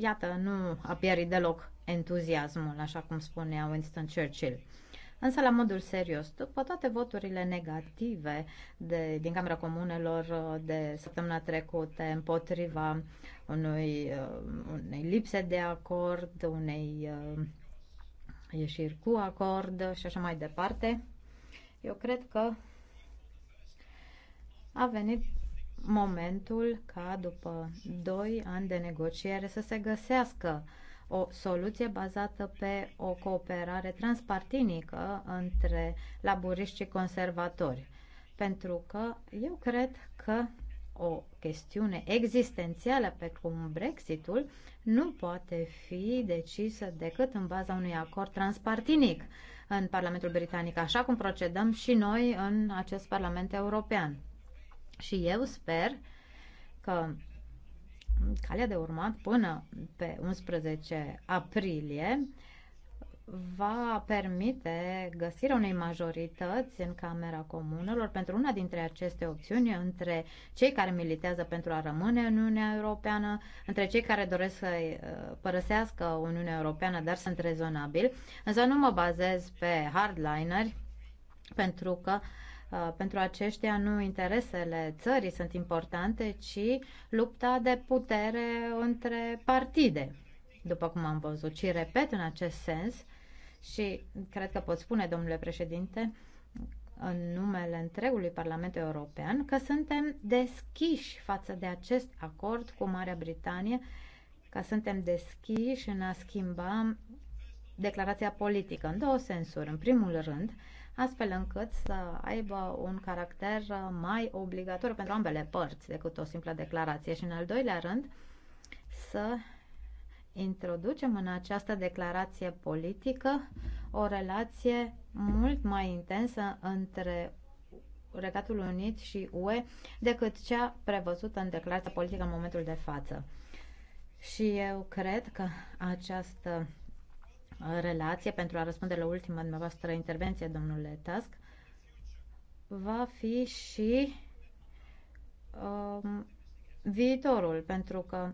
iată, nu a pierit deloc entuziasmul, așa cum spunea Winston Churchill. Însă, la modul serios, după toate voturile negative de, din Camera Comunelor de săptămâna trecută împotriva unui, uh, unei lipse de acord, unei uh, ieșiri cu acord și așa mai departe, eu cred că a venit momentul ca după doi ani de negociere să se găsească uh, o soluție bazată pe o cooperare transpartinică între laburiști și conservatori. Pentru că eu cred că o chestiune existențială pe cum Brexitul nu poate fi decisă decât în baza unui acord transpartinic în Parlamentul Britanic, așa cum procedăm și noi în acest Parlament European. Și eu sper că calea de urmat până pe 11 aprilie va permite găsirea unei majorități în Camera Comunelor pentru una dintre aceste opțiuni între cei care militează pentru a rămâne în Uniunea Europeană, între cei care doresc să uh, părăsească Uniunea Europeană, dar sunt rezonabili. Însă nu mă bazez pe hardliner, pentru că uh, Uh, pentru aceștia nu interesele țării sunt importante, ci lupta de putere între partide, după cum am văzut. Și repet în acest sens, și cred că pot spune, domnule președinte, în numele întregului Parlament European, că suntem deschiși față de acest acord cu Marea Britanie, că suntem deschiși în a schimba declarația politică în două sensuri. În primul rând, astfel încât să aibă un caracter uh, mai obligatoriu pentru ambele părți decât o simplă declarație. Și în al doilea rând, să introducem în această declarație politică o relație mult mai intensă între Regatul Unit și UE decât cea prevăzută în declarația politică în momentul de față. Și eu cred că această relație, pentru a răspunde la ultima dumneavoastră intervenție, domnule Task, va fi și um, viitorul, pentru că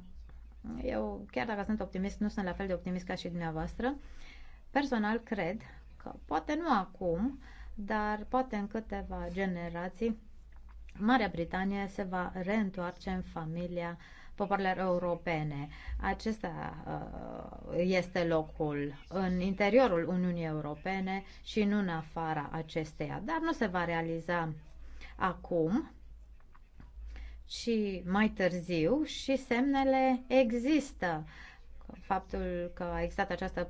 eu, chiar dacă sunt optimist, nu sunt la fel de optimist ca și dumneavoastră. Personal cred că, poate nu acum, dar poate în câteva generații, Marea Britanie se va reîntoarce în familia uh, popoarelor europene. Acesta uh, este locul în interiorul Uniunii Europene și nu în afara acesteia. Dar nu se va realiza acum și mai târziu și semnele există. Faptul că a existat această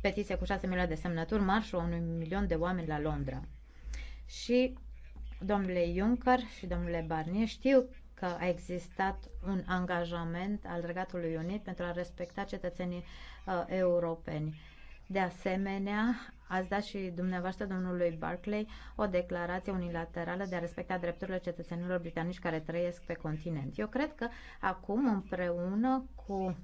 petiție cu 6 milioane de semnături, marșul unui milion de oameni la Londra. Și domnule Juncker și domnule Barnier știu că a existat un angajament al Regatului Unit pentru a respecta cetățenii uh, europeni. De asemenea, ați dat și dumneavoastră domnului Barclay o declarație unilaterală de a respecta drepturile cetățenilor britanici care trăiesc pe continent. Eu cred că acum, împreună cu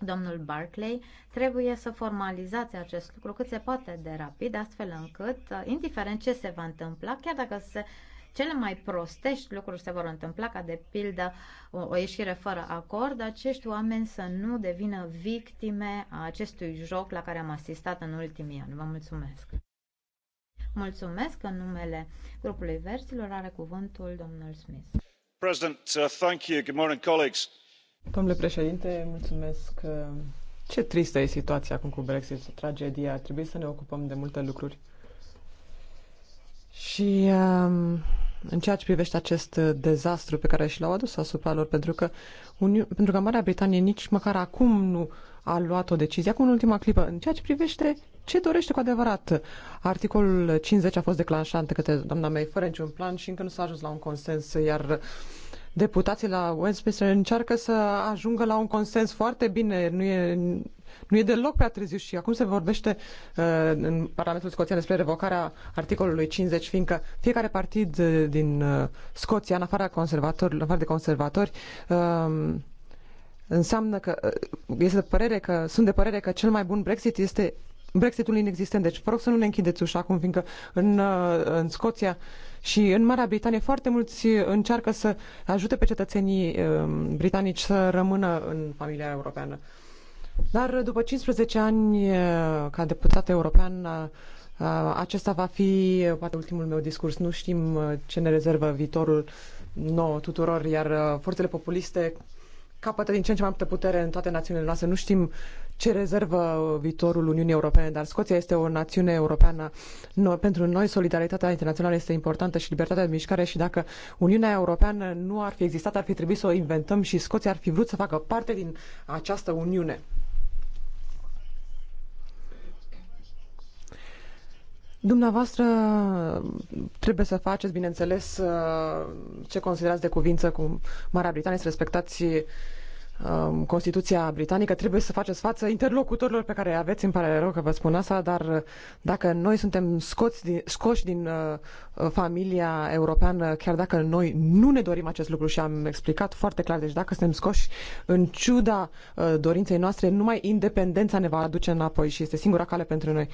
domnul Barclay, trebuie să formalizați acest lucru cât se poate de rapid, astfel încât, uh, indiferent ce se va întâmpla, chiar dacă se uh, cele mai prostești lucruri se vor întâmpla, ca de pildă o, o ieșire fără acord, acești oameni să nu devină victime a acestui joc la care am asistat în ultimii ani. Vă mulțumesc! Mulțumesc în numele grupului Versilor are cuvântul domnul Smith. President, uh, thank you. Good morning, colleagues. Domnule președinte, mulțumesc. Uh, ce tristă e situația acum cu Brexit, tragedia. Trebuie să ne ocupăm de multe lucruri. Și um, în ceea ce privește acest dezastru pe care și l-au adus asupra lor, pentru că, Uni- pentru că Marea Britanie nici măcar acum nu a luat o decizie, acum în ultima clipă, în ceea ce privește ce dorește cu adevărat. Articolul 50 a fost declanșat de către doamna May fără niciun plan și încă nu s-a ajuns la un consens, iar deputații la Westminster încearcă să ajungă la un consens foarte bine, nu e nu e deloc prea târziu și acum se vorbește uh, în Parlamentul Scoțian despre revocarea articolului 50, fiindcă fiecare partid uh, din uh, Scoția, în afară, conservatori, în afară de conservatori, um, înseamnă că este de părere că sunt de părere că cel mai bun Brexit este Brexitul inexistent. Deci vă rog să nu ne închideți ușa acum, fiindcă în, în Scoția și în Marea Britanie foarte mulți încearcă să ajute pe cetățenii um, britanici să rămână în familia europeană. Dar după 15 ani eh, ca deputat european, eh, eh, acesta va fi poate ultimul meu discurs. Nu știm ce ne rezervă viitorul nouă tuturor, iar forțele populiste capătă din ce în ce mai multă putere în toate națiunile noastre. Nu știm ce rezervă viitorul Uniunii Europene, dar Scoția este o națiune europeană. No, pentru noi solidaritatea internațională este importantă și libertatea de mișcare și dacă Uniunea Europeană nu ar fi existat, ar fi trebuit să o inventăm și Scoția ar fi vrut să facă parte din această Uniune. Dumneavoastră uh, trebuie să faceți, bineînțeles, uh, ce considerați de cuvință cu Marea Britanie, să respectați Um, Constituția britanică, trebuie să faceți față interlocutorilor pe care îi aveți, îmi pare rău că vă spun asta, dar uh, dacă noi suntem scoți din, scoși din uh, familia europeană, chiar dacă noi nu ne dorim acest lucru și am explicat foarte clar, deci dacă suntem scoși în ciuda uh, dorinței noastre, numai independența ne va aduce înapoi și este singura cale pentru noi.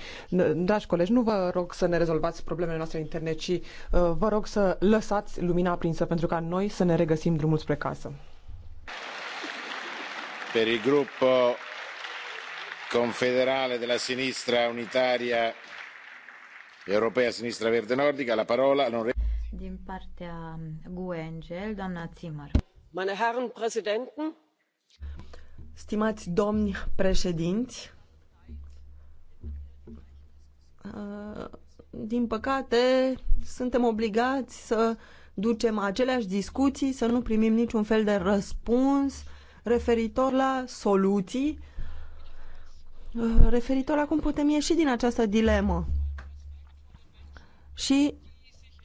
Dragi colegi, nu vă rog să ne rezolvați problemele noastre interne, ci uh, vă rog să lăsați lumina aprinsă pentru ca noi să ne regăsim drumul spre casă per il gruppo confederale della sinistra unitaria europea sinistra verde nordica la parola din partea GUE Angel, doamna Zimmer. Meine Herren Präsidenten, stimați domni președinți, uh, din păcate suntem obligați să ducem aceleași discuții, să nu primim niciun fel de răspuns referitor la soluții, referitor la cum putem ieși din această dilemă. Și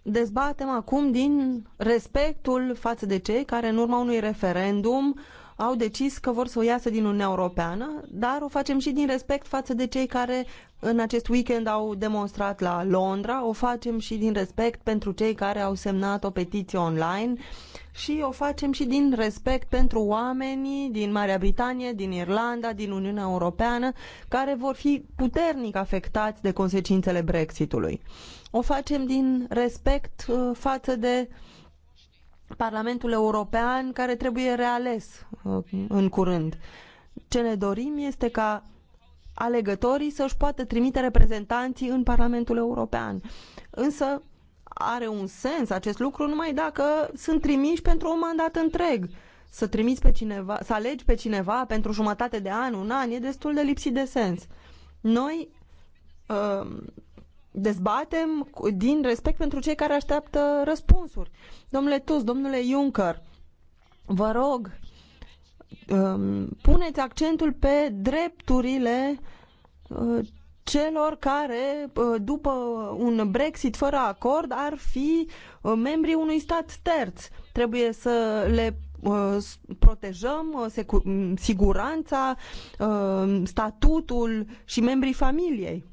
dezbatem acum din respectul față de cei care în urma unui referendum uh, au decis că vor să o iasă din Uniunea Europeană, dar o facem și din respect față de cei care în acest weekend au demonstrat la Londra, o facem și din respect pentru cei care au semnat o petiție online și o facem și din respect pentru oamenii din Marea Britanie, din Irlanda, din Uniunea Europeană, care vor fi puternic afectați de consecințele Brexitului. O facem din respect uh, față de uh, Parlamentul European care trebuie reales uh, în curând. Ce ne dorim este ca alegătorii să-și poată trimite reprezentanții în Parlamentul European. Însă are un sens acest lucru numai dacă sunt trimiși pentru un mandat întreg. Să trimiți pe cineva, să alegi pe cineva pentru jumătate de an, un an, e destul de lipsit de sens. Noi uh, dezbatem din respect pentru cei care așteaptă răspunsuri. Domnule Tus, domnule Juncker, vă rog, um, puneți accentul pe drepturile uh, celor care, uh, după un Brexit fără acord, ar fi uh, membrii unui stat terț. Trebuie să le protejăm siguranța, statutul și membrii familiei.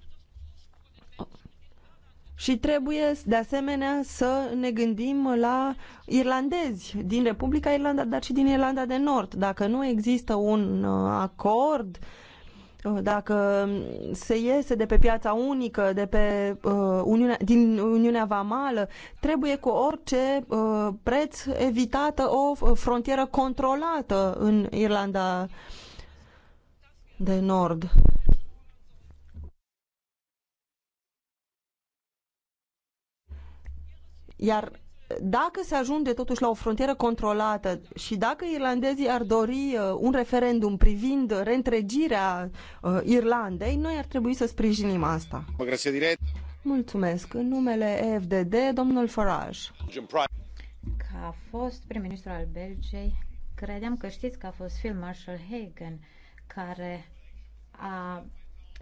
Și trebuie, de asemenea, să ne gândim la irlandezi din Republica Irlanda, dar și din Irlanda de Nord. Dacă nu există un uh, acord, uh, dacă se iese de pe piața unică, de pe, uh, Uniunea, din Uniunea Vamală, trebuie cu orice uh, preț evitată o uh, frontieră controlată în Irlanda de Nord. Iar dacă se ajunge totuși la o frontieră controlată și dacă irlandezii ar dori uh, un referendum privind reîntregirea uh, Irlandei, noi ar trebui să sprijinim asta. Mulțumesc. În numele EFDD, domnul Farage. Ca a fost prim-ministru al Belgiei, credeam că știți că a fost Phil Marshall Hagen, care a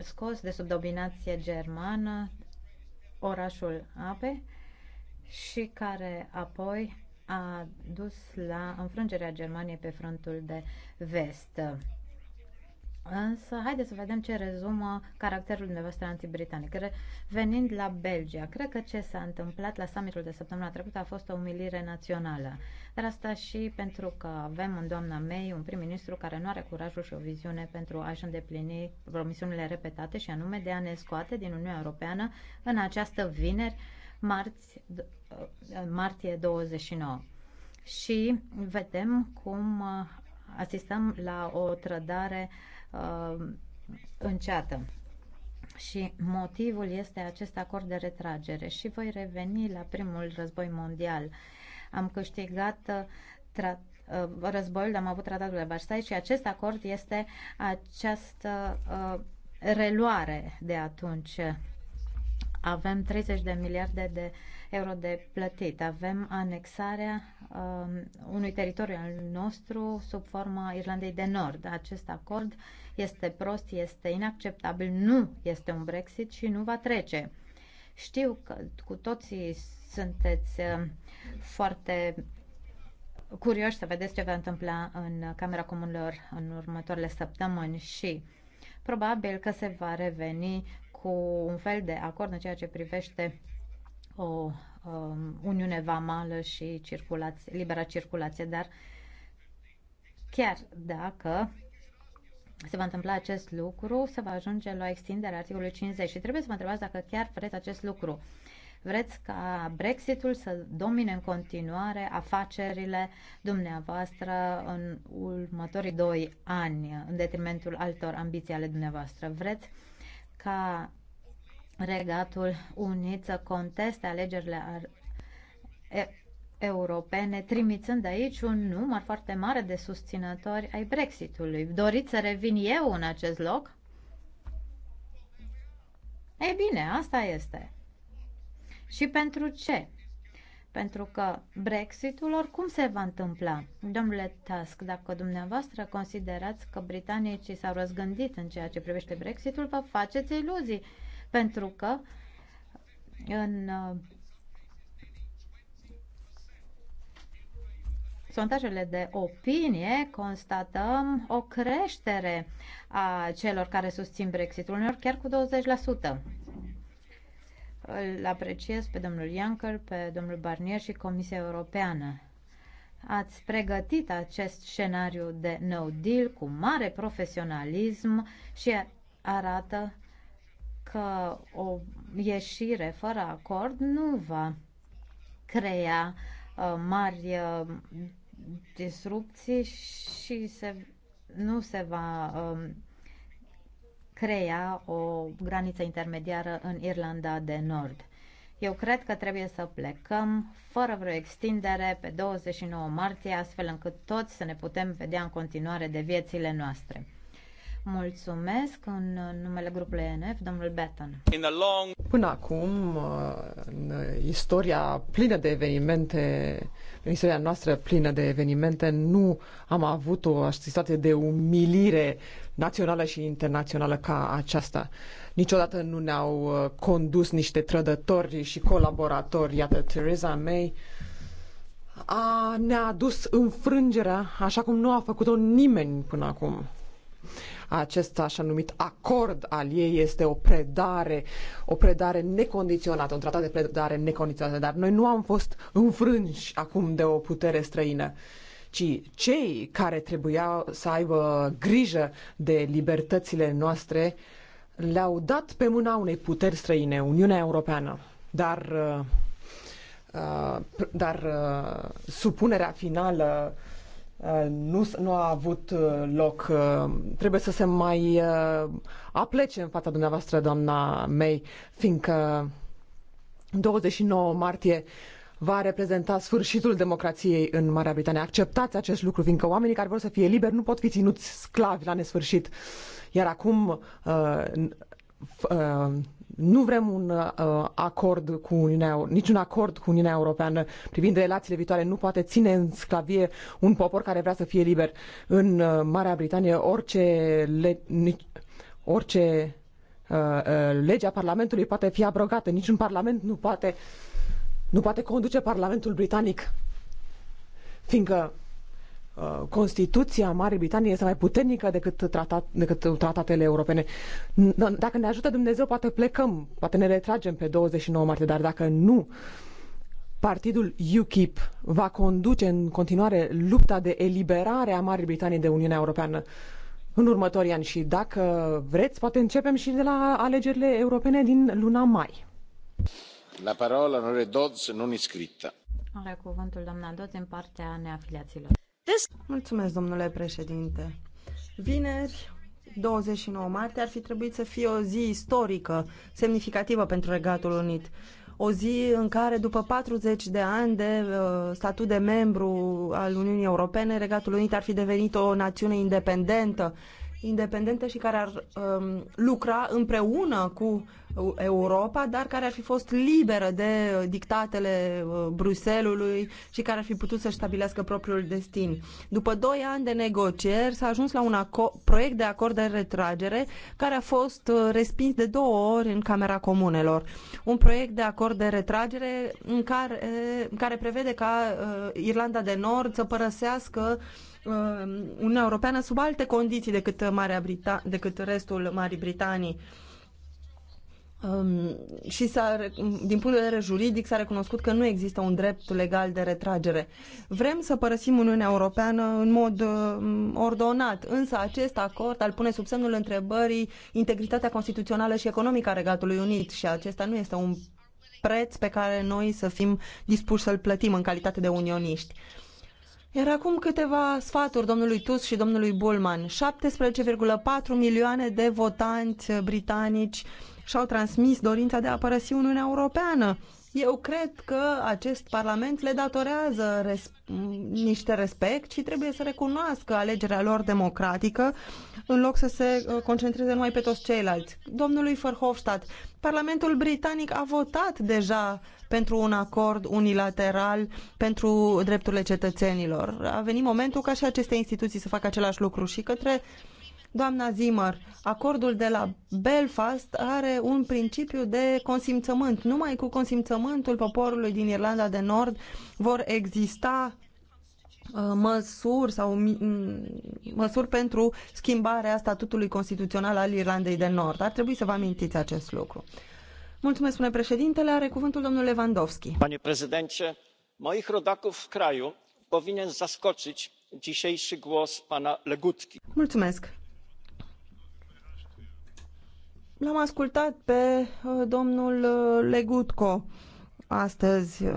scos de sub dominație germană orașul Ape, și care apoi a dus la înfrângerea Germaniei pe frontul de vest. Însă, haideți să vedem ce rezumă caracterul dumneavoastră antibritanic. Venind la Belgia, cred că ce s-a întâmplat la summitul de săptămâna trecută a fost o umilire națională. Dar asta și pentru că avem în doamna May un prim-ministru care nu are curajul și o viziune pentru a-și îndeplini promisiunile repetate și anume de a ne scoate din Uniunea Europeană în această vineri marți, uh, martie 29. Și vedem cum uh, asistăm la o trădare uh, înceată. Și motivul este acest acord de retragere. Și voi reveni la primul război mondial. Am câștigat uh, tra- războiul, am avut tratatul de Versailles și acest acord este această uh, reluare de atunci. Avem 30 de miliarde de euro de plătit. Avem anexarea um, unui teritoriu al nostru sub forma Irlandei de Nord. Acest acord este prost, este inacceptabil, nu este un Brexit și nu va trece. Știu că cu toții sunteți um, foarte curioși să vedeți ce va întâmpla în Camera Comunilor în următoarele săptămâni și probabil că se va reveni cu un fel de acord în ceea ce privește o um, uniune vamală și circulație, libera circulație, dar chiar dacă se va întâmpla acest lucru, se va ajunge la extinderea articolului 50 și trebuie să vă întrebați dacă chiar vreți acest lucru. Vreți ca Brexitul să domine în continuare afacerile dumneavoastră în următorii doi ani, în detrimentul altor ambiții ale dumneavoastră? Vreți ca Regatul Unit să conteste alegerile europene, trimițând aici un număr foarte mare de susținători ai Brexitului. Doriți să revin eu în acest loc? Ei bine, asta este. Și pentru ce? Pentru că Brexitul oricum se va întâmpla. Domnule Tusk, dacă dumneavoastră considerați că britanicii s-au răzgândit în ceea ce privește Brexitul, vă faceți iluzii. Pentru că în uh, sondajele de opinie constatăm o creștere a celor care susțin Brexitul, uneori chiar cu 20% îl apreciez pe domnul Iancăr, pe domnul Barnier și Comisia Europeană. Ați pregătit acest scenariu de no deal cu mare profesionalism și arată că o ieșire fără acord nu va crea uh, mari uh, disrupții și se, nu se va um, crea o graniță intermediară în Irlanda de Nord. Eu cred că trebuie să plecăm fără vreo extindere pe 29 martie, astfel încât toți să ne putem vedea în continuare de viețile noastre. Mulțumesc în numele grupului ENF, domnul Betten. Long... Până acum, în istoria plină de evenimente, în istoria noastră plină de evenimente, nu am avut o situație de umilire națională și internațională ca aceasta. Niciodată nu ne-au uh, condus niște trădători și colaboratori. Iată, Theresa May a, ne-a adus înfrângerea așa cum nu a făcut-o nimeni până acum. Acest așa numit acord al ei este o predare, o predare necondiționată, un tratat de predare necondiționată, dar noi nu am fost înfrânși acum de o putere străină ci cei care trebuiau să aibă grijă de libertățile noastre le-au dat pe mâna unei puteri străine, Uniunea Europeană. Dar, uh, uh, dar uh, supunerea finală Uh, nu, nu a avut uh, loc. Uh, trebuie să se mai aplece în fața dumneavoastră, doamna May, fiindcă 29 martie va reprezenta sfârșitul democrației în Marea Britanie. Acceptați acest lucru, fiindcă oamenii care vor să fie liberi nu pot fi ținuți sclavi la nesfârșit. Iar acum uh, uh, nu vrem un uh, acord cu Uniunea, niciun acord cu Uniunea Europeană privind relațiile viitoare. Nu poate ține în sclavie un popor care vrea să fie liber. În uh, Marea Britanie orice, le, nici, orice uh, uh, legea Parlamentului poate fi abrogată. Niciun Parlament nu poate, nu poate conduce Parlamentul Britanic. Fiindcă Uh, Constituția Marii Britanii este mai puternică decât, tratat, decât tratatele europene. Dacă ne ajută Dumnezeu, poate plecăm, poate ne retragem pe 29 martie, dar dacă nu, partidul UKIP va conduce în continuare lupta de eliberare a Marii Britanii de Uniunea Europeană în următorii ani și dacă vreți, poate începem și de la alegerile europene din luna mai. La parola onore Dodds, non iscritta. Are cuvântul doamna Dodds în partea neafiliaților. This... Mulțumesc, domnule președinte. Vineri, 29 martie, ar fi trebuit să fie o zi istorică, semnificativă pentru Regatul Unit. O zi în care, după 40 de ani de uh, statut de membru al Uniunii Europene, Regatul Unit ar fi devenit o națiune independentă, independente și care ar um, lucra împreună cu Europa, dar care ar fi fost liberă de dictatele uh, Bruselului și care ar fi putut să-și stabilească propriul destin. După doi ani de negocieri s-a ajuns la un proiect de acord de retragere care a fost uh, respins de două ori în Camera Comunelor. Un proiect de acord de retragere în care, care prevede ca uh, Irlanda de Nord să părăsească uh, Uh, Uniunea Europeană sub alte condiții decât, Marea Brita- decât restul Marii Britanii. Um, și s-a, din punct de vedere juridic s-a recunoscut că nu există un drept legal de retragere. Vrem să părăsim Uniunea Europeană în mod uh, ordonat, însă acest acord al pune sub semnul întrebării integritatea constituțională și economică a Regatului Unit și acesta nu este un preț pe care noi să fim dispuși să-l plătim în calitate de unioniști. Uh, iar acum câteva sfaturi domnului Tus și domnului Bullman. 17,4 milioane de votanți britanici și-au transmis dorința de a părăsi Uniunea Europeană. Eu cred că acest Parlament le datorează res- niște respect și trebuie să recunoască alegerea lor democratică în loc să se uh, concentreze numai pe toți ceilalți. Domnului Verhofstadt, Parlamentul Britanic a votat deja pentru un acord unilateral pentru drepturile cetățenilor. A venit momentul ca și aceste instituții să facă același lucru și către uh, Doamna Zimăr, acordul de la Belfast are un principiu de consimțământ. Numai cu consimțământul poporului din Irlanda de Nord vor exista uh, măsuri sau mm, mm, măsuri pentru schimbarea statutului constituțional al Irlandei de Nord. Ar trebui să vă amintiți acest lucru. Mulțumesc, spune președintele. Are cuvântul domnul Lewandowski. Panie președinte moich rodaków w kraju powinien zaskoczyć dzisiejszy głos pana Legutki. Mulțumesc. L-am ascultat pe uh, domnul uh, Legutko astăzi, uh,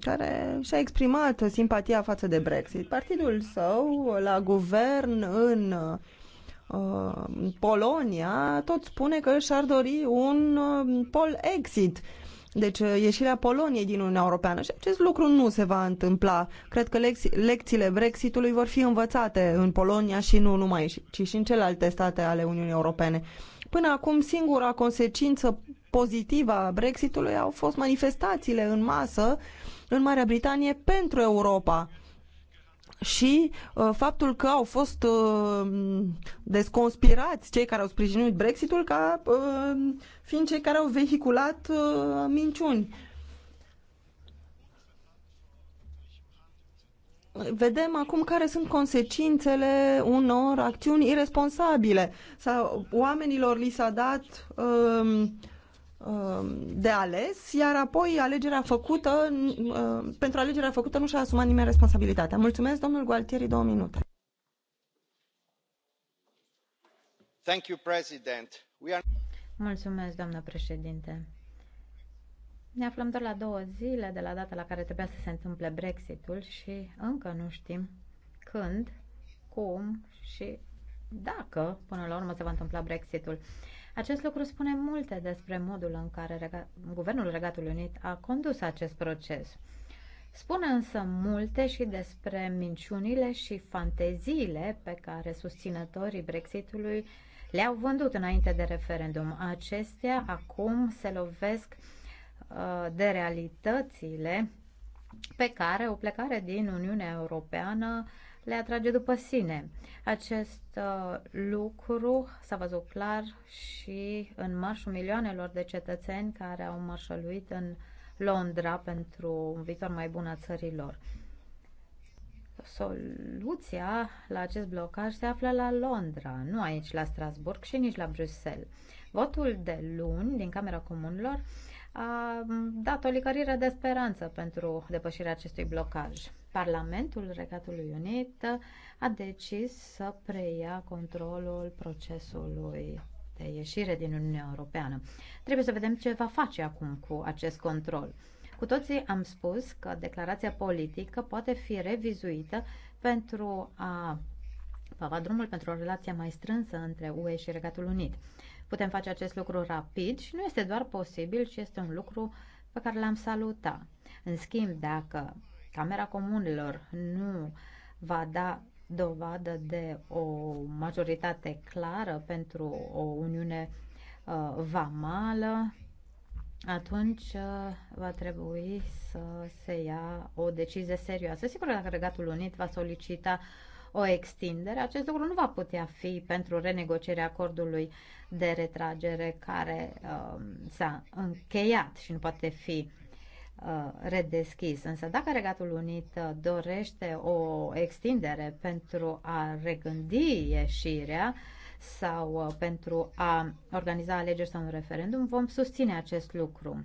care și-a exprimat simpatia față de Brexit. Partidul său la guvern în Polonia tot spune că și-ar dori un pol exit. Deci ieșirea Poloniei din Uniunea Europeană și acest lucru nu se va întâmpla. Cred că lec- lecțiile Brexitului vor fi învățate în Polonia și nu numai, ci și în celelalte state ale Uniunii Europene. Până acum, singura consecință pozitivă a Brexitului au fost manifestațiile în masă în Marea Britanie pentru Europa și uh, faptul că au fost uh, desconspirați cei care au sprijinit Brexitul ca uh, fiind cei care au vehiculat uh, minciuni. vedem acum care sunt consecințele unor acțiuni irresponsabile. Sau oamenilor li s-a dat um, um, de ales, iar apoi alegerea făcută, um, pentru alegerea făcută nu și-a asumat nimeni responsabilitatea. Mulțumesc, domnul Gualtieri, două minute. Thank you, President. We are... Mulțumesc, doamnă președinte ne aflăm doar la două zile de la data la care trebuia să se întâmple Brexitul și încă nu știm când, cum și dacă până la urmă se va întâmpla Brexitul. Acest lucru spune multe despre modul în care rega- Guvernul Regatului Unit a condus acest proces. Spune însă multe și despre minciunile și fanteziile pe care susținătorii Brexitului le-au vândut înainte de referendum. Acestea acum se lovesc uh, Uh, de realitățile pe care o plecare din Uniunea Europeană le atrage după sine. Acest uh, lucru s-a văzut clar și în marșul milioanelor de cetățeni care au mărșăluit în Londra pentru un viitor mai bun a țărilor. Soluția la acest blocaj se află la Londra, nu aici la Strasburg și nici la Bruxelles. Votul de luni din Camera Comunilor a dat o licărire de speranță pentru depășirea acestui blocaj. Parlamentul Regatului Unit a decis să preia controlul procesului de ieșire din Uniunea Europeană. Trebuie să vedem ce va face acum cu acest control. Cu toții am spus că declarația politică poate fi revizuită pentru a va drumul pentru o relație mai strânsă între UE și Regatul Unit. Putem face acest lucru rapid și nu este doar posibil, ci este un lucru pe care l-am salutat. În schimb, dacă Camera Comunilor nu va da dovadă de o majoritate clară pentru o Uniune uh, vamală, atunci uh, va trebui să se ia o decizie serioasă. Sigur că Regatul Unit va solicita o extindere, acest lucru nu va putea fi pentru renegocierea acordului de retragere care uh, s-a încheiat și nu poate fi uh, redeschis. Însă dacă Regatul Unit uh, dorește o extindere pentru a regândi ieșirea, sau uh, pentru a organiza alegeri sau un referendum, vom susține acest lucru.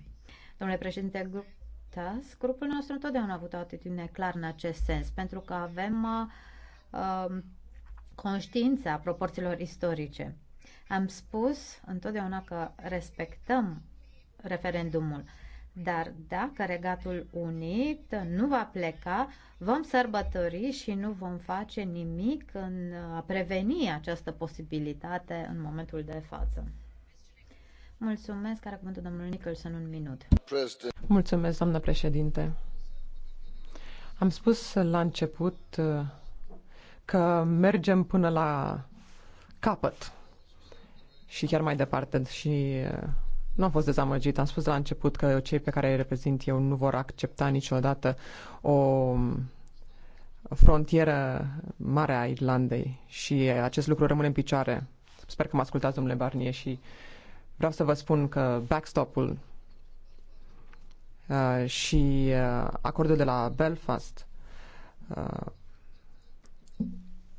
Domnule președinte Gutas, grupul nostru întotdeauna a avut o atitudine clară în acest sens, pentru că avem uh, Um, conștiința proporțiilor istorice. Am spus întotdeauna că respectăm referendumul, dar dacă Regatul Unit nu va pleca, vom sărbători și nu vom face nimic în a preveni această posibilitate în momentul de față. Mulțumesc, are cuvântul domnul Nicholson, un minut. Mulțumesc, doamnă președinte. Am spus la început că mergem până la capăt și chiar mai departe și uh, nu am fost dezamăgit. Am spus de la început că cei pe care îi reprezint eu nu vor accepta niciodată o um, frontieră mare a Irlandei și uh, acest lucru rămâne în picioare. Sper că mă ascultați, domnule Barnier, și vreau să vă spun că backstop-ul uh, și acordul de la Belfast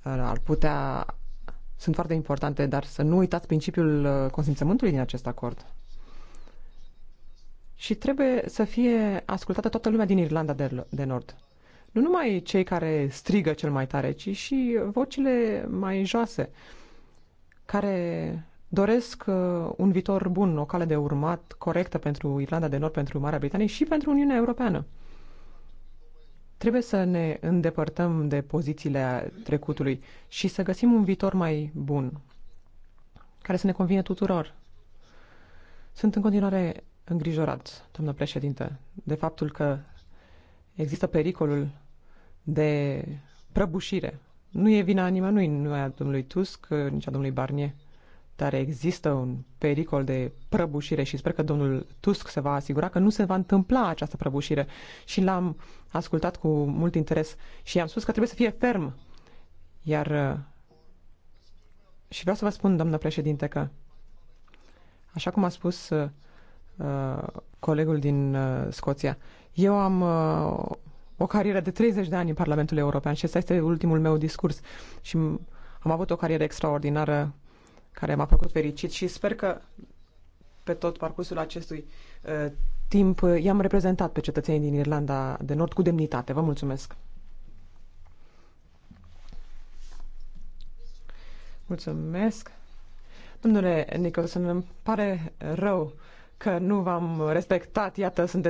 ar putea, sunt foarte importante, dar să nu uitați principiul uh, consimțământului din acest acord. Și trebuie să fie ascultată toată lumea din Irlanda de, de Nord. Nu numai cei care strigă cel mai tare, ci și vocile mai joase, care doresc uh, un viitor bun, o cale de urmat corectă pentru Irlanda de Nord, pentru Marea Britanie și pentru Uniunea Europeană. Trebuie să ne îndepărtăm de pozițiile trecutului și să găsim un viitor mai bun, care să ne convine tuturor. Sunt în continuare îngrijorat, doamnă președinte, de faptul că există pericolul de prăbușire. Nu e vina nimănui, nu e a domnului Tusk, nici a domnului Barnier dar există un pericol de prăbușire și sper că domnul Tusk se va asigura că nu se va întâmpla această prăbușire. Și l-am ascultat cu mult interes și i-am spus că trebuie să fie ferm. Iar uh, și vreau să vă spun, doamnă președinte, că așa cum a spus uh, colegul din uh, Scoția, eu am uh, o carieră de 30 de ani în Parlamentul European și ăsta este ultimul meu discurs și am avut o carieră extraordinară care m-a făcut fericit și sper că pe tot parcursul acestui uh, timp i-am reprezentat pe cetățenii din Irlanda de Nord cu demnitate. Vă mulțumesc! Mulțumesc! Domnule Nicholson, îmi pare rău că nu v-am respectat. Iată, sunteți